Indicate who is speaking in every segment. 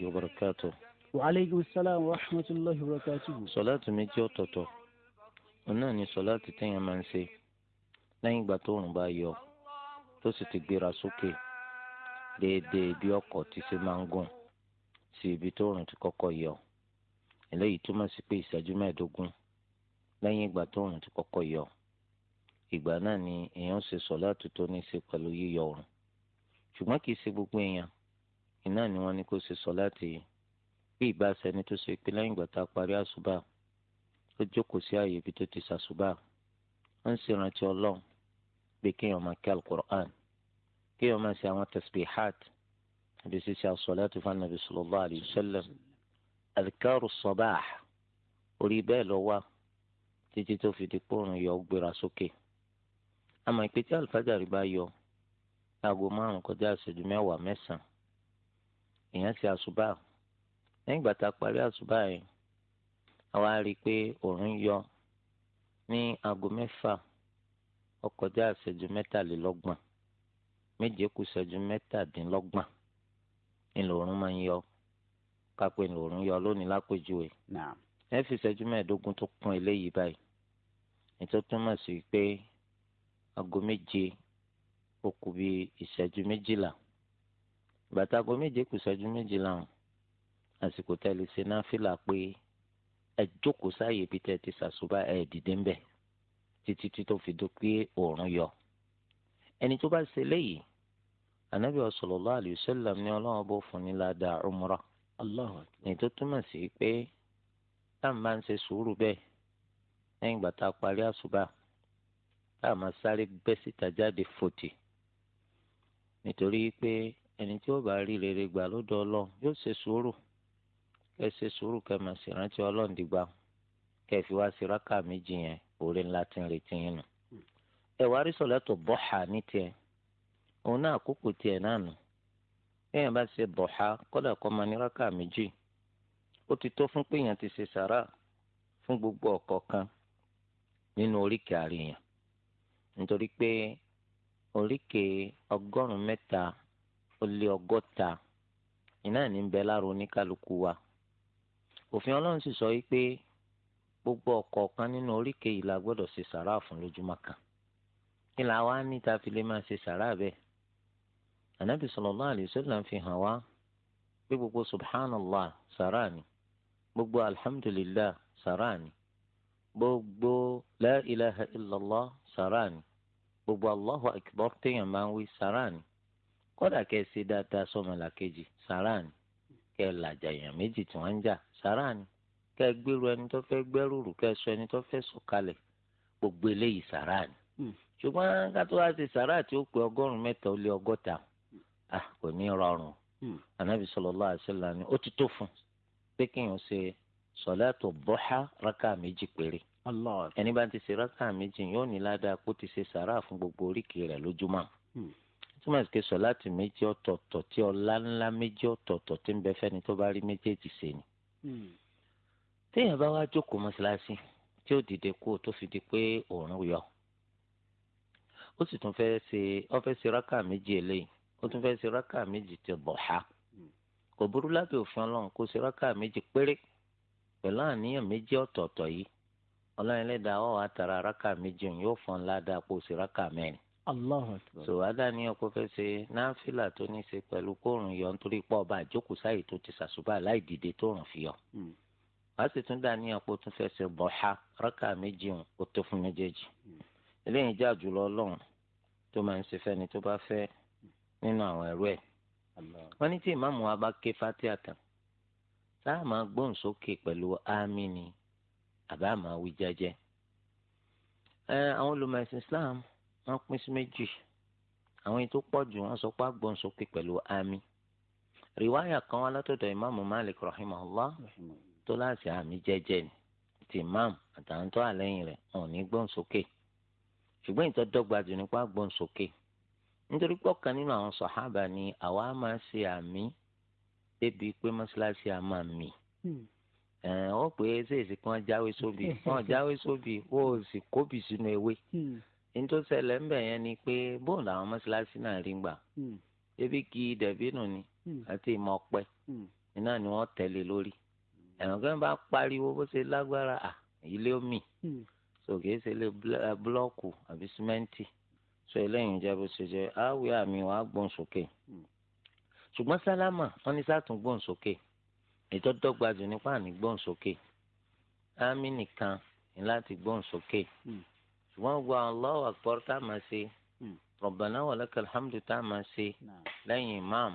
Speaker 1: الله وبركاته
Speaker 2: وعليكم السلام ورحمة الله وبركاته
Speaker 1: صلاة méjì ọ̀tọ̀ọ̀tọ̀ náà ni sọláàtì téèyàn máa ń ṣe lẹ́yìn ìgbà tó òrùn bá yọ tó sì ti gbéra sókè déédéé bí ọkọ̀ ti ṣe máa ń gùn sí ibi tó òrùn ti kọ́kọ́ yọ eléyìí túmọ̀ sí pé ìṣẹ́jú mẹ́ẹ̀ẹ́dógún lẹ́yìn ìgbà tó òrùn ti kọ́kọ́ yọ ìgbà náà ni èèyàn ṣe sọláàtì tó ní í ṣe pẹ̀lú yíyọ òrùn ṣùgbọ́n kì í ṣe gbogbo èèyàn iná ni wọ́n ní kó ṣe sọ láti yìí bí ìgbà sẹni tó ṣe pé lẹ́yìn ìgbà tá a parí àṣùbà ó jókòó sí ààyè ibi tó ti ṣàṣùbà ó ń ṣèrántí ọlọ́run pé kéèyàn máa kí alukur'an kéèyàn máa ṣe àwọn tasbihat àbí ṣíṣe àṣọlẹ́tù fún anabi sallallahu alayhi wa orí bẹ́ẹ̀ lọ wá títí tó fi di pòrùn yọ gbéra sókè àmọ́ ìpè tí alifájà rí bá yọ aago márùn-ún kọjá ìṣẹ́jú mẹ́wàá mẹ́sàn-án èèyàn ṣe àṣùbà lẹ́yìn ìgbà tá a parí àṣùbà yìí àwa rí i pé òòrùn yọ ní aago mẹ́fà ó kọjá ìṣẹ́jú mẹ́tàlélọ́gbọ̀n méje kù ìṣẹ́jú mẹ́tàdínlọ́gbọ̀n ni lòórùn máa ń yọ kápẹ́ lòórùn yọ lónìí lápèjúwe ẹ fi ìṣẹ́jú mẹ́ẹ̀ẹ́dógún tó kún eléyìí báyìí ètò túmọ̀ sí pé aago méje ó kù bí ìṣẹ́jú méjìlá gbàtàgò méje kù ṣẹ́jú méje làwọn àsìkò tẹ́lẹ̀ ṣe náà fìlà pé ẹ jókòó sáàyè bí tẹ́ ti ṣàṣùbà ẹ dìde ń bẹ̀ títí tí tó fi dó pé òòrùn yọ. ẹni tó bá ṣe léyìí anabi sallallahu alayhi wa sallam ní ọlọ́run bó fún ni ládàá umrah. ní tó túmọ̀ sí pé táwọn máa ń ṣe sùúrù bẹ́ẹ̀ lẹ́yìn ìgbà tá a parí àṣùbà táwọn máa sáré bẹ́ síta jáde fòtì nítorí pé ẹni tí ó bá rí rere gbà lọ́dọ̀ ọlọ́run yóò ṣe sùúrù kẹ́ ṣe sùúrù rántí ọlọ́run dìgbà kẹ́ fi wá sí rákà méjì yẹn oore ńlá ti ń retí yín nù. ẹ wá rí ní tiẹ̀ òun náà àkókò tiẹ̀ náà nù bá ṣe kọ́dà ti tó fún pé èèyàn ti ṣe nínú oríkèé àríyàn nítorí pé oríkèé ọgọ́rùn-ún ó lé ọgọ́ta iná ní ń bẹ lára oníkálukú wa òfin ọlọ́run sì sọ wípé gbogbo ọ̀kọ̀ọ̀kan nínú oríkèé la gbọ́dọ̀ ṣe sàrà fún lójúmọ́ kan kí la níta fi lè máa ṣe sàrà bẹ́ẹ̀ ànábì sallallahu alaihi wasallam fi hàn wá pé gbogbo subhanallah sàrà ni gbogbo alhamdulillah sàrà ni gbogbo la ilaha illallah sàrà ni gbogbo allahu akbar téèyàn máa ń wí sàrà ni. kódà kẹ́ dada ṣe dáadáa sọ́mọlà kejì sàrà ni kẹ́ ẹ làjà èèyàn méjì tí wọ́n ń jà sàrà ni kẹ́ gbogbo eléyìí sàrà ni hmm. ṣùgbọ́n ká tó wá ṣe sàrà tí ó pé ọgọ́rùn-ún mẹ́ta kò ní rọrùn hmm. ni ó ti tó fún pé kí n ṣe rákà méjì péré ẹni bá ti ṣe rákà méjì yóò ní fún gbogbo oríkèé rẹ̀ lójúmọ́ hmm. túmọ̀ sí sọ láti méjì ọ̀tọ̀ọ̀tọ̀ tí ọla ńlá méjì ọ̀tọ̀ọ̀tọ̀ tí ń bẹ fẹ́ni tó bá rí méjèèjì ṣe ni. Hmm. téèyàn bá wá jókòó mọ́ṣáláṣí tí ó dìde kú tó fi di pé òórùn yọ ó sì tún fẹ́ ṣe ó fẹ́ ṣe rákà méjì eléyìí ó tún fẹ́ ṣe rákà méjì ti ha hmm. kò burú lábẹ́ òfin ọlọ́run kó ṣe rákà méjì péré pẹ̀lú àníyàn méjì ọ̀tọ̀ọ̀tọ̀ yìí ọlọ́run ọ̀ àtàrà rákà méjì yóò fọ́n ládàá kó ṣe rákà mẹ́rin so adani ọkọ fẹ́ ṣe náfìlà tó ní í ṣe pẹ̀lú kóòrùn yọ nítorí pọ ọba àjókòó sáyè tó ti ṣàṣùbà láì dìde tóòrùn fi yọ hmm. wàá sì tún dání ọkọ tún fẹ́ ṣe bọha rákà méjì hàn ó tó fún méjèèjì hmm. eléyìí já jùlọ Ọlọ́run tó máa ń ṣe fẹ́ni tó bá fẹ́ nínú àwọn ẹrú ẹ̀ wọ́n ní tí ìmáàmù wa bá ké fatia tán sáà máa gbóhùn sókè pẹ̀lú àmín àbá máa wí jẹ́jẹ́ ẹ àwọn olùmọ̀ ẹ̀sìn Islam wọ́n pín sí méjì àwọn èyí tó pọ̀ jù wọ́n sọ pé agbóhùnsókè pẹ̀lú àmì rìwáyà kan wá látọ̀dọ̀ ìmáàmù Malik rahimahullah tó láti àmì jẹ́jẹ́ ni ti imam àtàwọn tó àlẹ́yìn rẹ̀ wọn ò ní gbóhùnsókè ṣùgbọ́n ìtọ́ dọ́gba jù nípa gbóhùnsókè nítorí pé ọ̀kan nínú àwọn sọ̀hábà ni àwa máa ṣe àmì débi pé mọ́ṣáláṣí a máa mì hmm. ẹ̀ ọ́ pé ṣèṣì kan jáwé sóbì kan jáwé sóbì ó sì kóbì sínú ewé hmm nítorí ṣẹlẹ̀ ńbẹ̀ yẹn ni pé bóun làwọn mọ́ṣáláṣí náà rí gbà hmm. ebi kí dẹ̀bínú ni hmm. àti ìmọ̀ ọ̀pẹ hmm. iná ni wọ́n tẹ̀lé lórí ẹ̀wọ̀n kan bá pariwo bó ṣe lágbára à ilé omi sòkè ṣe lé eh, búlọ́ọ̀kù àbí símẹ́ǹtì sọ eléyìí jẹ́ bó ṣe jẹ́ àwẹ̀ àmì wàá gbọ́n sókè ṣùgbọ́n sálámà wọ́n ní sátún gbọ́n sókè ètò dọ́gba jù nípa àní gbọ́n sókè àmì nìkan ni láti gbọ́n sókè ṣùgbọ́n gba Allahu akbar tá a máa ṣe hmm. Rabbana wa lakal hamdu tá a máa ṣe lẹ́yìn imam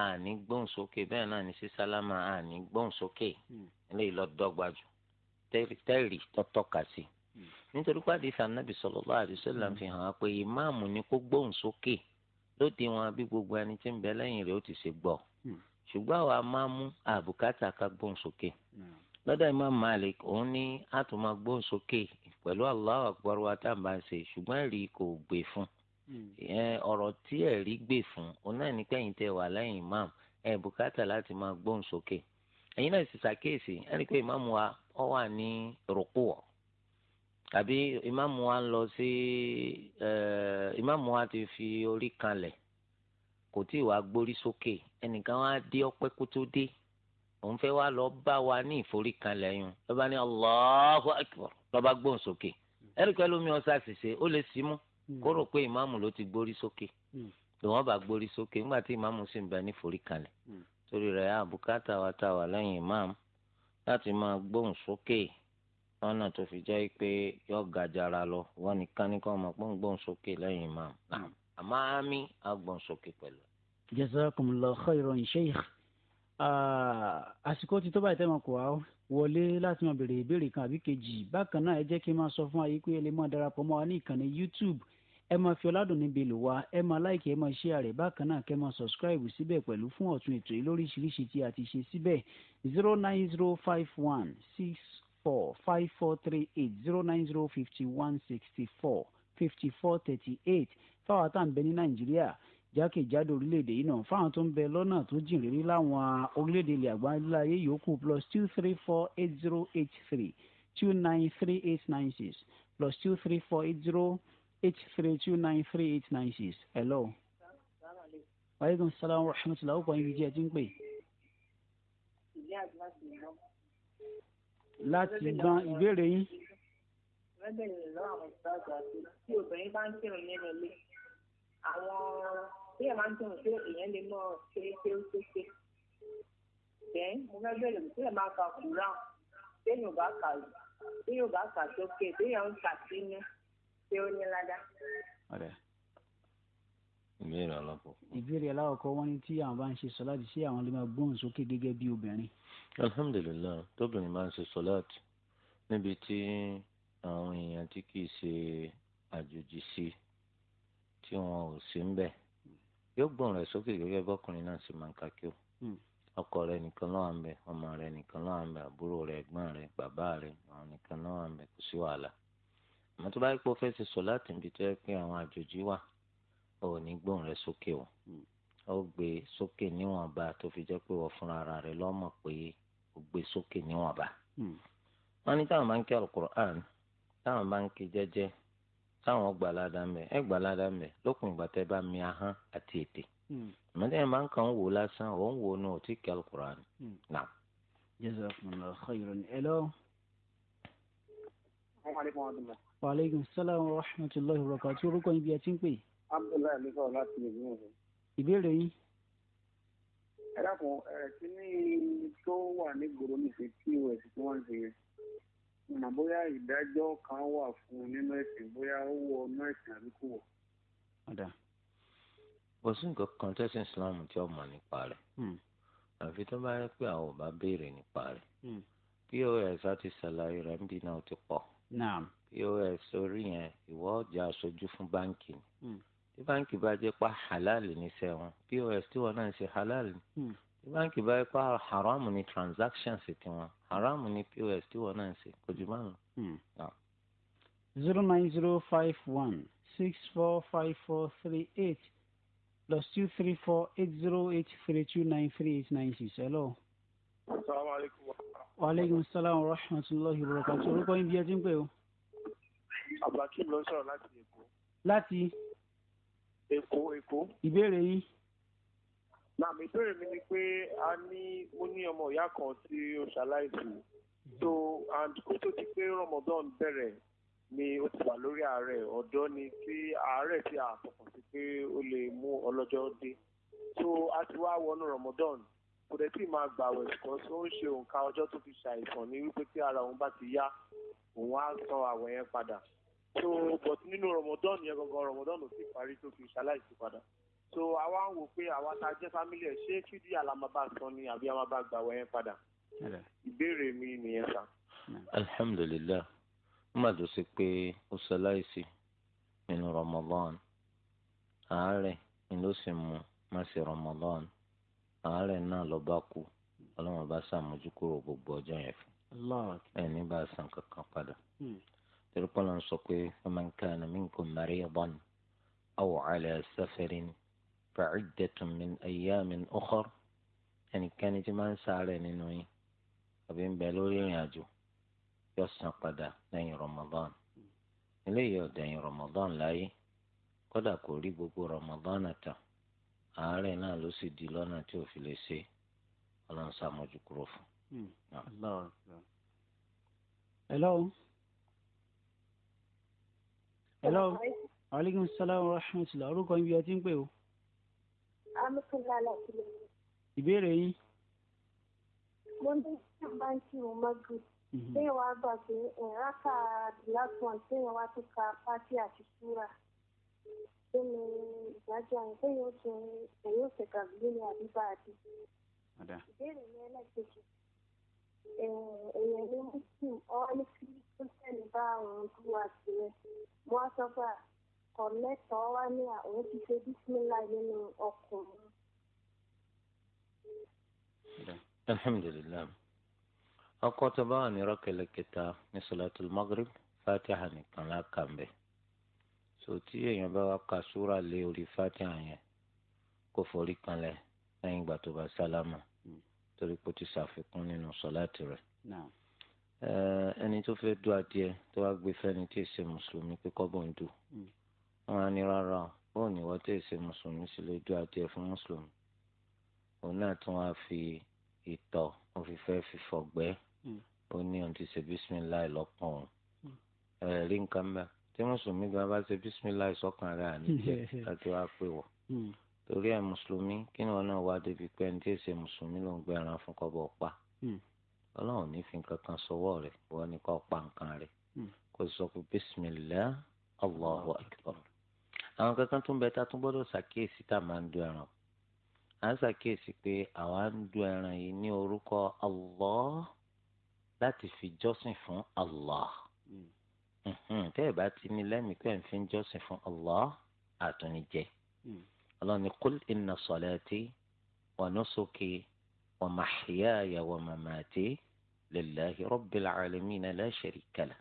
Speaker 1: àní gbóhùn sókè bẹ́ẹ̀ náà ní sí sálámà àní gbóhùn sókè hmm. eléyìí lọ dọ́gba jù tẹ́rì sí hmm. nítorí pàdé sànàbì sallallahu alaihi wasallam fi hàn án pé ìmáàmù ni kó gbóhùn sókè lóde wọn bí gbogbo ẹni tí ń bẹ lẹ́yìn rẹ̀ ó ti ṣe gbọ́ ṣùgbọ́n àwa máa mú àbùkátà ká gbóhùn sókè lọ́dọ̀ imam malik òun ní àtúmọ̀ gbóhùn sókè pẹ̀lú Allahu akbar wa tá à ń bá ń ṣe ṣùgbọ́n ẹ̀rí kò gbé fún hmm. ọ̀rọ̀ tí ẹ̀rí gbé fún òun náà ní kẹ́yìn tẹ́ wà lẹ́yìn imam ẹ̀ bùkátà láti máa gbóhùn sókè ẹ̀yin náà sì ṣàkíyèsí ẹni pé imam wa ọ wà ní rúkú wọ̀ tàbí imam wa ń lọ sí imam wa ti fi orí kanlẹ̀ kò tí ì wá gbórí sókè ẹnìkan wá dé ọpẹ́ kó tó dé òun fẹ́ wá lọ bá wa ní ìforíkanlẹ̀ yun ló bá ní Allahu Akbar ló bá gbóhùn sókè hmm. ẹ̀ríkọ́ ẹlòmíì ọ̀sà ṣìṣe ó lè símú hmm. kó rò pé ìmáàmù ló ti gbórí sókè lòun hmm. bá gbórí sókè nígbà tí ìmáàmù sì ń bẹ ní ìforíkanlẹ̀ torí rẹ̀ àbùkátà wa ta wà lẹ́yìn ìmáàmù láti máa gbóhùn sókè lọ́nà tó fi jẹ́ pé yọ gàjàrà lọ wọ́n nìkan ní kọ́ ọmọ pọ́n gbóhùn sókè lẹ́yìn ìmáàmù àmọ́ àmì agbóhùn sókè pẹ̀lú. jazakumullahu khairan sheikh
Speaker 2: Ah, àsìkò ti tó báyìí tẹ́wọ̀n kò wá wọlé láti máa béèrè ìbéèrè kan àbí kejì bákan náà ẹ jẹ́ kí n máa sọ fún ayé pé ẹ lè máa darapọ̀ mọ́ wa ní ìkànnì YouTube ẹ máa fi ọ̀làdùn níbi lò wá ẹ máa láìkì ẹ máa ṣe àrẹ̀ bákan náà kẹ́ máa subscribe síbẹ̀ pẹ̀lú fún ọ̀tun ètò yìí lóríṣiríṣi tí a ti ṣe síbẹ̀ zero nine zero five one six four five four three eight zero nine zero fifty one sixty four fifty four thirty eight fáwọn àtàǹbẹ ní Nàìjíríà jákèjádò orílẹ̀-èdè yìí náà fáwọn tó ń bẹ lọ́nà tó jìn rírí láwọn orílẹ̀-èdè ilẹ̀ àgbáńláyé yòókù plus two three four eight zero eight three two nine three eight nine six plus two three four eight zero eight three two nine three eight nine six hello. waaleykum salaam wa rahmatulah ó kàn yín ẹ ti ń pè.
Speaker 3: láti gan ìbéèrè yín. lọ́dẹ̀ ìlú àwọn ìtajà tí obìnrin bá ń kírun nínú ilé àwọn bí ẹ̀ máa ń dùn pé èèyàn lè mọ̀ ṣe ṣe ó ṣe ṣe. Bẹ́ẹ̀ mo fẹ́ bẹ̀rẹ̀ bí ẹ̀ máa ka kùrán bí èèyàn bá kà ó bí èèyàn bá kà sókè bí èèyàn ń kà sínú ṣé ó ní ládá.
Speaker 1: ìbéèrè alákọ̀ọ́.
Speaker 2: ìbéèrè alákọ̀ọ́ wọ́n ní tí àwọn bá ń ṣe sọ́láàtì sí àwọn lè máa gbóhùn sókè gẹ́gẹ́ bí obìnrin.
Speaker 1: alhamdulilayi tóbìnrin máa ń ṣe sọ́láàtì níbi tí àwọn èèyàn tí kì í ṣe àjòjì sí tí wọn ò sí ń bẹ̀ yóò gbọ̀n rẹ̀ sókè gẹ́gẹ́ bọ́kùnrin náà sì máa ń ka kí o hmm. ọkọ rẹ nìkan lọ́wọ́ àmbẹ̀ ọmọ rẹ nìkan lọ́wọ́ àmbẹ̀ àbúrò rẹ ẹ̀gbọ́n rẹ bàbá rẹ àwọn nìkan lọ́wọ́ àmbẹ̀ kò sí wàhálà àmọ́ tó bá yẹ pé o fẹ́ ti sọ láti ibi tó yẹ pé àwọn àjòjì wà ò ní gbóhùn rẹ sókè o ó hmm. gbé e sókè níwọ̀nba tó fi jẹ́ pé wọ́n fúnra ara rẹ lọ́mọ̀ pé ó gbé e sókè níwọ̀nba. Hmm. wọ́n ní táwọn máa ń kí táwọn gbàládà mẹ ẹ gbàládà mẹ lókun ìgbà tẹ bá mi ahọ́n àti ètè hmm. mọtẹ máa ń kàn ń wò lásán ò ń wò ní òtí kẹl kuran nà. jazakumullahu khairan hello.
Speaker 2: wa aleykum salaam wa rahmatulahi wa barakatuh orúkọ ibi ẹ ti ń pè.
Speaker 3: abdullahi ló sọ̀rọ̀ láti ìlú ìlú. ìbéèrè yín. ẹ dákun ẹ kí ni tó wà ní gbòòrò nífẹ̀ẹ́ pos tí wọ́n ń ṣe mọ̀ bóyá ìdájọ́ kan wà fún un nínú ẹ̀sìn bóyá ó wọ ọmọ ẹ̀sìn àbí kò wọ̀.
Speaker 1: ọ̀dà kò sí nǹkan kan tẹ́sán Islam tí ó mọ̀ nípa rẹ̀ hmm. àfi tó bá yẹ pé àwọn ò bá béèrè nípa rẹ̀ pos hmm. àti ṣàlàyé rẹ̀ ń bí náà ti pọ̀ pos orí yẹn ìwọ ọjà aṣojú fún báńkì ni hmm. tí báńkì bá jẹ́ pa halal ní sẹ́wọ̀n pos tí wọ́n náà ń ṣe halal ni tí báńkì bá pa haramu ni transactions ti wọn haramu ni pos tí wọn náà ń ṣe kò jù bá wọn. Hmm.
Speaker 2: zero nine zero five one six four five four three eight plus two three four eight zero eight three two nine three eight nine six hello.
Speaker 3: salaamaleykum.
Speaker 2: waaleykum salaam wa rahmatulahi wa barakatuh orúkọ yín bí ẹ ti ń pè o.
Speaker 3: abdulhakeem ló ń sọ̀rọ̀ láti èkó. láti. èkó èkó. ìbéèrè yín. Nàmì ìbéèrè mi ni pé a ní ó ní ọmọ ìyá kan tí ó ṣaláìsí. So and kó tó ti pé Ramadan bẹ̀rẹ̀ ni ó ti wà lórí ààrẹ ọ̀dọ́ ni tí ààrẹ ti àfọkàn sí pé ó lè mú ọlọ́jọ́ dé. So a ti wá wọnú Ramadan kò dẹ̀ tí máa gbàwẹ̀ kan tó ń ṣe òǹkà ọjọ́ tó fi ṣàìsàn ní wípé tí ara òun bá ti yá òun á san àwẹ̀ yẹn padà. So but nínú Ramadan yẹn gangan Ramadan ò sì parí tó fi ṣaláìsí padà so àwa ń wò pé àwa tá a jẹ́ fámílì ẹ̀ ṣé fídíò alamaba san ni àbí amaba gbà wọ́n yẹn padà ìbéèrè mi nìyẹn sá.
Speaker 1: alhamdulilayi má tó ṣe pé ó ṣaláìsí nínú ramadan àárẹ̀ ni ló sì mú má sí ramadan àárẹ̀ náà lọ bá kú ọlọ́run bá ṣàmójú kúrò gbogbo ọjọ́ yẹn fún ẹni bá san kankan padà hmm. torí pọ́lọ́n sọ pé faman kana minkum maridan aw ala safarin. فعدة من أيام أخر ẹnikẹ́ni tí máa ń sáré nínú yín àbí ń bẹ lórí ìrìn àjò yóò san padà lẹ́yìn Ramadan eléyìí ọ̀dẹ̀yìn láyé kódà kò rí gbogbo Ramadan tán àárẹ̀ náà ló sì di lọ́nà tí ò fi lè ṣe ọlọ́run sàmójú kúrò fún.
Speaker 2: hello. hello. aleykum salaam wa rahmatulah orúkọ ibi ọtí ń o. ìbéèrè yín.
Speaker 3: mo ní báńkì umaru lẹ́yìn wá gbà pé ẹ̀ráka dìlásùn lẹ́yìn wá tó ka pátí àti súra tó ní ìdájọ́ àyìn lẹ́yìn ó tún ẹ̀yìn òsè kàbílẹ̀ ní àbíbá àti. ìbéèrè mi ẹlẹ́kejì èèyàn ní muslim ọ́ ní kí tó tẹ̀lé bá àwọn ojú àti rẹ̀ mo á ọkọ̀ mẹ́ta wá ní àwọn ti ṣe bísímìlá nínú ọkọ̀ mi.
Speaker 1: alhamdulilayi ọkọ tó bá wà ní rọkẹlẹ kẹta ní sọlátùl magrib fatiha nìkan lákàmbẹ sòtí èèyàn bá wà ká súra lé orí fatiha yẹn kó forí kanlẹ̀ lẹ́yìn ìgbà tó bá sálámà torí pé ó ti ṣàfikún nínú sọláàtì rẹ̀. ẹni tó fẹ́ du adìẹ tó wá gbé fẹ́ni tí èsì mùsùlùmí pé kọ́bọ̀ ń dù hmm wọn á ní rárá o bóun ni wọ́n tẹ̀ ṣe mùsùlùmí sí lójú àti ẹ̀fún mùsùlùmí òun náà tún wá fi ìtọ̀ òun fi fẹ́ fi fọ̀gbẹ́ hmm. ó ní òun ti ṣe bísímìláì lọ́kàn òun hmm. ẹ̀ rí nǹkan mẹ́ tí mùsùlùmí gan bá ṣe bísímìláì sọ́kàn rẹ̀ àní jẹ́ láti wá pè wọ̀ hmm. torí ẹ̀ mùsùlùmí kí ni wọn náà wá débi pé ẹni tí èsè mùsùlùmí ló ń gbé ẹran fún kọ́bọ̀ pa ọlọ́run ní fi nǹkan kan sọwọ́ rẹ̀ ni ní kọ́ pa nǹkan rẹ̀ kó sọ pé bísímìlá Allahu akbar àwọn kankan tó ń bẹ tá a tún gbọ́dọ̀ ṣàkíyèsí tá a máa ń du ẹran à ń ṣàkíyèsí pé àwa ń du ẹran yìí ní orúkọ Allah láti fi jọ́sìn fún Allah hmm. tẹ́ ẹ̀ bá ti ní lẹ́mìí pé ń fi jọ́sìn fún Allah àtúnijẹ́ hmm. Allah ni kul inna salati wa nusuki wa mahyaya wa mamati lillahi rabbil alamin la sharika lah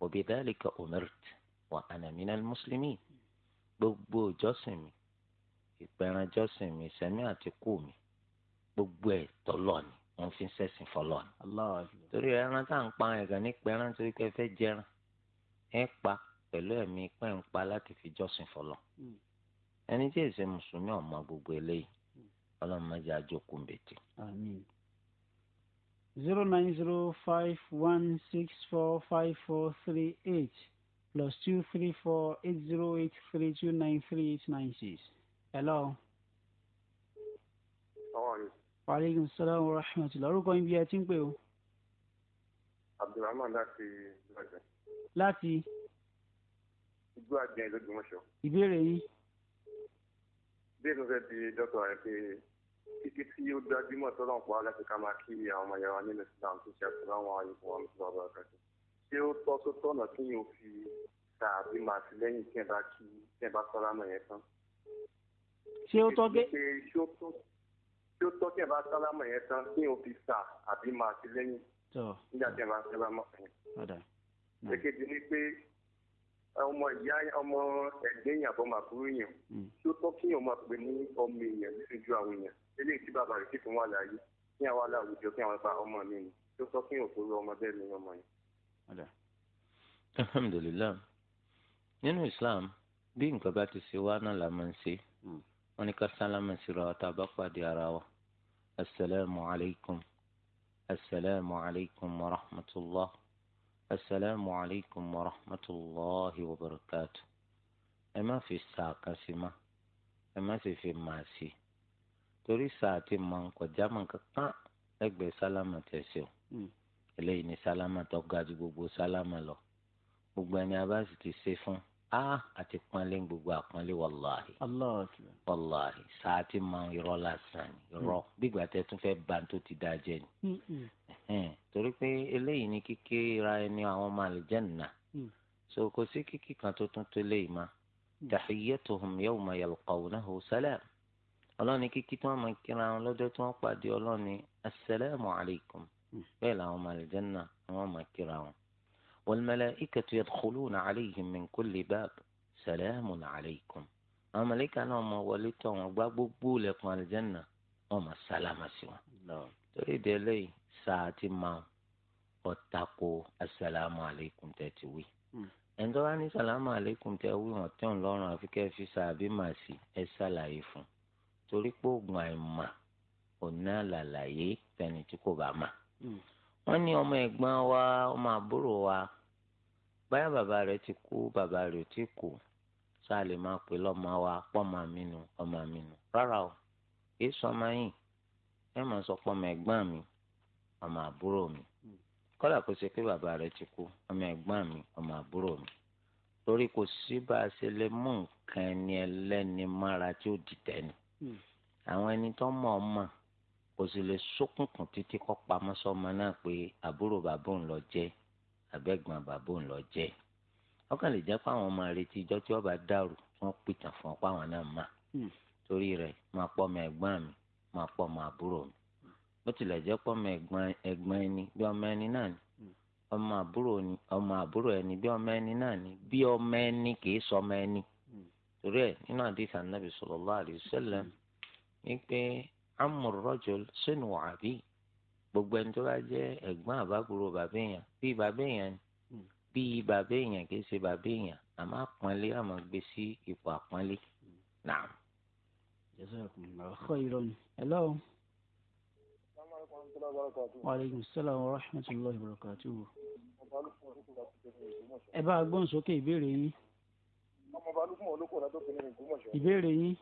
Speaker 1: wa bidhalika umirtu wa ana minal muslimin. gbogbo ìjọsìn mi ìpẹran ìjọsìn mi ìsẹmí àti kù mi gbogbo ẹ tọlọ ni wọn fi ń sẹsìn fọlọ ni. torí ẹran tá à ń pa ẹ̀gàn pé ẹ fẹ́ pa pẹ̀lú ẹ̀mí pẹ́ ń pa láti fi jọ́sìn fọlọ. Hmm. ẹni tí èsì mùsùlùmí ọ̀mọ gbogbo eléyìí hmm. ọlọ́run mẹ́jọ àjòkù ń
Speaker 2: 09051645438. plus two three four eight zero eight three two nine three eight nine six. hello. waaleykum salaam wa rahmatulah orúkọ yín bí ẹ ti ń pè o.
Speaker 3: abdulrahman láti ìgbàgbẹ́. láti. igbó àgbẹ̀ lójúmọ́ṣọ́. ìbéèrè yín. bí èso fẹ́ di dọ́tọ̀ rẹ̀ pé títí tí ó gbajúmọ̀ tọ́lọ́ǹpọ̀ aláṣẹ ká máa kí àwọn ọmọ yàrá nínú islam tó ṣe àtúnṣe àwọn àyùkú wọn ní bàbá àkàtúntì ṣé ó tọ́ tó tọ̀nà kí yóò fi ta àbí màá sí lẹ́yìn kí ẹ bá kí ẹ bá sálámà yẹn tán. ṣé ó tọ́ gé. ṣé ó tọ́ tí ó tọ́kẹ̀ bá sálámà yẹn tán tí o fi sà àbí máa ti lẹ́yìn nígbà tí a bá sálámà yẹn. Kékeré ni pé ọmọ ìyá ọmọ ẹ̀gbẹ́ yẹn àbọ̀ màá burú yẹn tí ó tọ́ kí yẹn máa pè ní ọmọ èèyàn lójú àwọn èèyàn eléyìí tí bàbá rẹ̀ sì fún wa láàyè ní àwa láwùjọ kí àwọn ọmọ mi ni tí ó tọ́ kí yẹn òkúrú ọmọdé mi ọmọ yẹn
Speaker 1: ọ̀dà alhamdulilayi nínú islam bí nǹkan bá ti ṣe wá náà la máa ń ṣe wọn ní ká sálámà síra wa tá a bá pàdé ara wa asalaamu alaykum asalaamu alaykum wa rahmatulah asalaamu alaykum wa rahmatulah wa barakatu ẹ má fi sàkà sí ma ẹ má sì fi màá sí torí sàá ti mọ nkọjá mọ kankan ẹgbẹ sálámà tẹsí o. Hmm eléyìí ni sálámà tó ga ju gbogbo sálámà lọ gbogbo ẹni a bá sì ti ṣe fún a àti pọ́nlé gbogbo àpọ́nlé wàláhì wàláhì sáàtì máa ń irọ́ lásán ni irọ́ gbígbà mm. tẹ tún fẹ́ ba tó ti dáa jẹ ni mm, mm. torí pé eléyìí ni kíkéra ẹni àwọn ọmọ àlùjànnà so kò sí kíkì kan tó tún tó léyìí ma tahiyyatuhum yawma yalqawnahu salam ọlọ́ni kíkí tí wọ́n máa kíra wọn lọ́jọ́ tí pàdé ọlọ́ni asalaamu alaykum bẹ́ẹ̀ làwọn ọmọ àlìjẹ́nà àwọn máa kíra wọn. wal malaikatu yadkhuluna alayhim min kulli bab salamun alaykum. àwọn màlàíkà náà máa wọlé tọ̀ wọ́n gbá gbogbo lẹ́kùn àlìjẹ́nà wọ́n máa sálámà sí wọn. torí ìdí eléyìí sáà ti máa ọ̀tako asalaamu alaykum tẹ̀ ti wí hmm. ẹnjọ wa ní sàlámù aleikum tẹ wí wọn tẹ ń lọrùn àfi kẹ fi sàbí màá sí ẹ ṣàlàyé fún torí pé oògùn àìmọ̀ òná làlàyé fẹni tí kò bá mà. Hmm. wọ́n ní ọmọ ẹ̀gbọ́n wa ọmọ àbúrò wa báyà bàbá rẹ̀ ti kú bàbá rẹ̀ ti kú tá a lè máa pè lọ́mọ wa pọ́mọ mi nù ọmọ mi rárá o kì í sọmọ yìí ẹ máa sọ pọ́mọ ẹ̀gbọ́n mi ọmọ àbúrò mi kọ́lá hmm. kò ṣe pé bàbá rẹ̀ ti kú ọmọ ẹ̀gbọ́n mi ọmọ àbúrò mi torí kò sí bá a ṣe lè mú nǹkan ẹni ẹlẹ́ni mára tí ó dìtẹ̀ ni hmm. àwọn ẹni tó mọ̀ ọ́ mọ̀ kò sì lè ṣókùnkùn títí kọ́ pamọ́ sọ́mọ náà pé àbúrò bàbá òun lọ jẹ́ àbẹ́gbọ́n bàbá òun lọ jẹ́ ọkàn lè jẹ́ pé àwọn ọmọ rẹ̀ ti ìjọ tí wọ́n bá dàrú wọ́n pìtàn fún ọ àwọn náà mà hmm. torí rẹ̀ máa pọ́ ọmọ ẹ̀gbọ́n mi máa pọ́ ọmọ àbúrò mi bó tilẹ̀ jẹ́ pọ́ ọmọ ẹ̀gbọ́n ẹni bí ọmọ ẹni náà ni hmm. ọmọ àbúrò ni ọmọ àbúrò ẹni bí ọmọ ẹni náà ni bí ọmọ ẹni kì í sọmọ ẹni hmm. torí ẹ nínú àdìsí ànábì sallallahu alaihi wasallam wípé amúrọ́jọ́l sínú àbí gbogbo ẹni tó bá jẹ́ ẹ̀gbọ́n àbábúrò bàbá èèyàn bíi bàbá èèyàn hmm. bíi bàbá èèyàn kì í ṣe bàbá èèyàn àmọ́ àpọ́nlé àmọ́ gbé sí ipò àpọ́nlé hmm. náà.
Speaker 2: hello. wa aleykum salaam wa rahmatulahi wa barakatuhu. ẹ bá a gbọ́n sókè ìbéèrè yín.
Speaker 3: ọmọ balùwẹ̀ olókòwò
Speaker 2: ìbéèrè yín.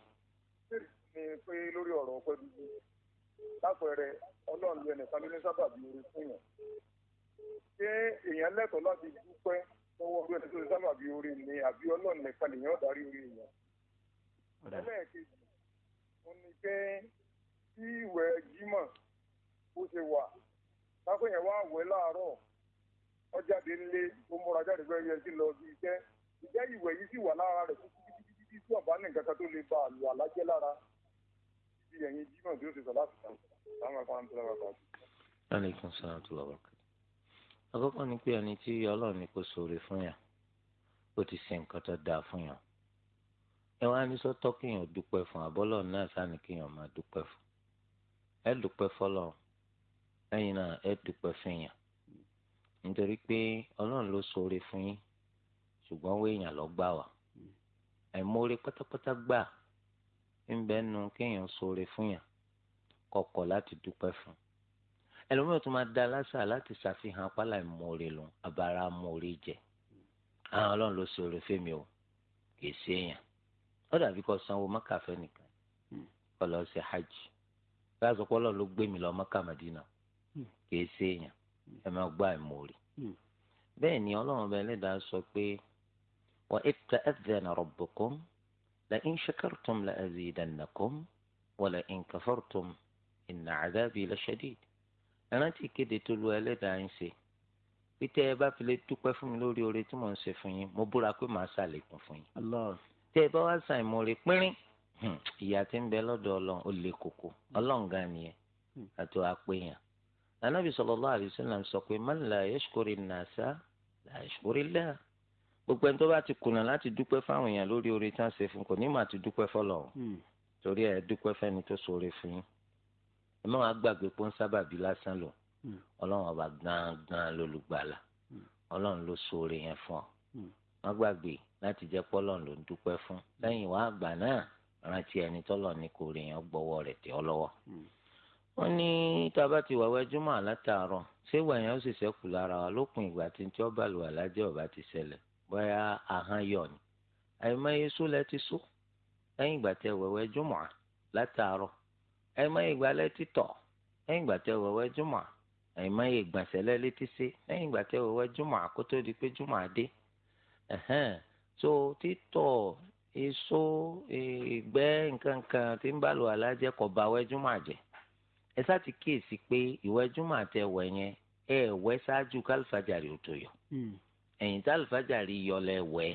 Speaker 3: ni pé lórí ọ̀rọ̀ ọpẹ́ dúdú lápẹẹrẹ ọlọ́run lu ẹnìkan ló ní sábàbí orí fún yàn ṣé èèyàn lẹ́tọ̀ọ́ láti dúpẹ́ lọ́wọ́ orí ẹni tó ní sábàbí orí ni àbí ọlọ́run nìkan lèèyàn darí orí èèyàn. ẹlẹ́ẹ̀kejì mo ní pé tí ìwẹ̀ bó ṣe wà lápẹ̀yẹ̀ wá wẹ̀ láàárọ̀ tó múra jáde fẹ́ yẹ sí lọ bí iṣẹ́ ìjẹ́ ìwẹ̀ yìí sì wà lára Akụkọ jímọ̀ tí ó ti sọ láti sàn láwọn ẹ̀fọn tó lọ́wọ́ kan.
Speaker 1: láàrin kan sára tó lọ́wọ́ kan. àkọ́kọ́ ni pé ẹni tí fún yàn ó ti ṣe nǹkan tó dáa fún yàn. ẹ wá ní sọ́tọ́ kéèyàn dúpẹ́ fún àbọ́lọ́ náà sáni máa fún. ẹ náà ẹ pátápátá gbà ń bẹ nu kéèyàn ṣoore fún yàn kọkọ láti dúpẹ́ fún ẹlòmíràn tó máa da lásà láti ṣàfihàn apálà ìmoore lòun abara amóore jẹ àwọn ọlọ́run ló ṣoore fẹ́mi o kì í ṣe èèyàn ó dàbí kó sanwó mọ́kàfẹ́ nìkan kó lọ hajj bí a ló gbé mi lọ mọ́kà màdínà kì í ṣe èèyàn ẹ máa gbọ́ àìmoore bẹ́ẹ̀ ni ọlọ́run bẹ́ẹ̀ lẹ́dàá sọ pé wọ́n ẹ̀ tẹ́ ẹ̀ dẹ́nà لئن شكرتم لأزيدنكم ولئن كفرتم إن عذابي لشديد ẹran tí ìkéde tó lu ẹlẹ́dàá ń ṣe pété ẹ bá fi lè dúpẹ́ fún mi lórí oore tí mò ń ṣe fún yín mo búra pé màá ṣàlékún fún yín. tẹ ẹ bá wá ṣàì mo rè pínrín ìyá tí ń bẹ lọ́dọ̀ ọlọ́run ó le koko ọlọ́run gan nìyẹn àti àpéyàn. anábì sallallahu alaihi wasallam sọ pé man la yashkuri nnasa la yashkuri Allah gbogbo ẹni tó bá ti kùnà láti dúpẹ́ fáwọn èèyàn lórí oore tí wọ́n ṣe fún kò ní mà ti dúpẹ́ fọlọ́ hmm. torí ẹ dúpẹ́ fẹ́ni tó ṣoore fún yín ẹ má wàá gbàgbé pé ń sábàbí lásán lò hmm. ọlọ́run ọba gangan lolùgbàlà hmm. ọlọ́run ló ṣoore yẹn fún ọ má gbàgbé láti jẹ́ pọ́lọ́run ló ń dúpẹ́ fún lẹ́yìn wàá gbà náà rántí ẹni tọ́lọ̀ ní kò rè yẹn gbọ́wọ́ rẹ̀ tẹ́ ọ lọ́wọ́ wọ́n ní tábà ti wàwẹ́ júmọ̀ látàárọ̀ ṣé wàyẹn ó sì ṣẹ́kù lára wa lópin ìgbà tí ń tí ọba lù àlájẹ́ ọba ti ṣẹlẹ̀ bóyá ahọ́n yọ ni àìmọye sólẹ̀ ti só lẹ́yìn ìgbà tẹ wẹ̀wẹ̀ jùmọ̀ látàárọ̀ àìmọye ìgbà lẹ́tí tọ̀ lẹ́yìn ìgbà tẹ wẹ̀wẹ̀ jùmọ̀ létí sí kó tó di pé dé so títọ̀ èso nkankan kíyèsí pé yẹn ẹ̀ ṣáájú ò ẹ̀yìn tí àlùfájàrí yọ lẹ wẹ̀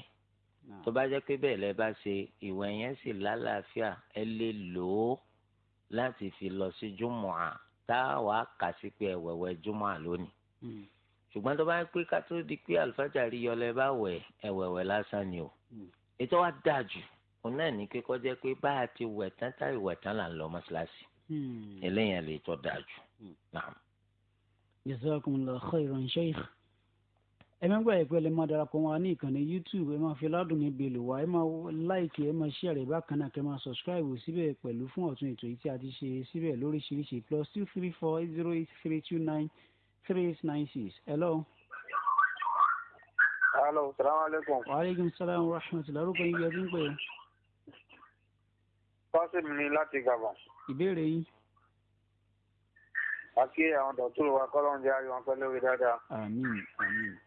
Speaker 1: tó bá jẹ́ pé bẹ́ẹ̀ lẹ bá ṣe ìwẹ̀ yẹn sì lálàáfíà ẹ lè lò ó láti fi lọ sí jùmọ̀à tá a wàá kà sí pé ẹ wẹ̀wẹ̀ jùmọ̀à lónìí hmm. ṣùgbọ́n tó bá pé ká tó di pé àlùfájàrí yọ lẹ bá wẹ̀ ẹ wẹ̀wẹ̀ lásán ni o hmm. ètò wa dáa jù òun náà ní kíkọ́ jẹ́ pé bá a ti wẹ̀ tán tá ìwẹ̀ tán là ń lọ mọ́ṣáláṣí hmm. eléyàn lè tọ́ dáa jù.
Speaker 2: jazakumullahu ẹ má gbàgbé pé ẹ lè máa darapọ̀ wá ní ìkànnì youtube ẹ máa fi ládùn ní bèlò wá ẹ máa láìkì ẹ máa ṣí àrẹ̀ bákan náà kẹ máa subscribe síbẹ̀ pẹ̀lú fún ọ̀tún ètò yìí tí a ti ṣe síbẹ̀ lóríṣiríṣi plus two three four eight zero eight three two nine three eight nine six hello.
Speaker 3: alo salaamaleykum.
Speaker 2: waaleykum salaam wa rahmatulah orúkọ yín yẹtí ń pè.
Speaker 3: Qasim ni láti Gabon. ìbéèrè yín. a kí àwọn dọ̀tún wa kọ́lọ́ọ̀dé ayọ̀ wọn pẹ́ lórí dáadáa.
Speaker 4: àmín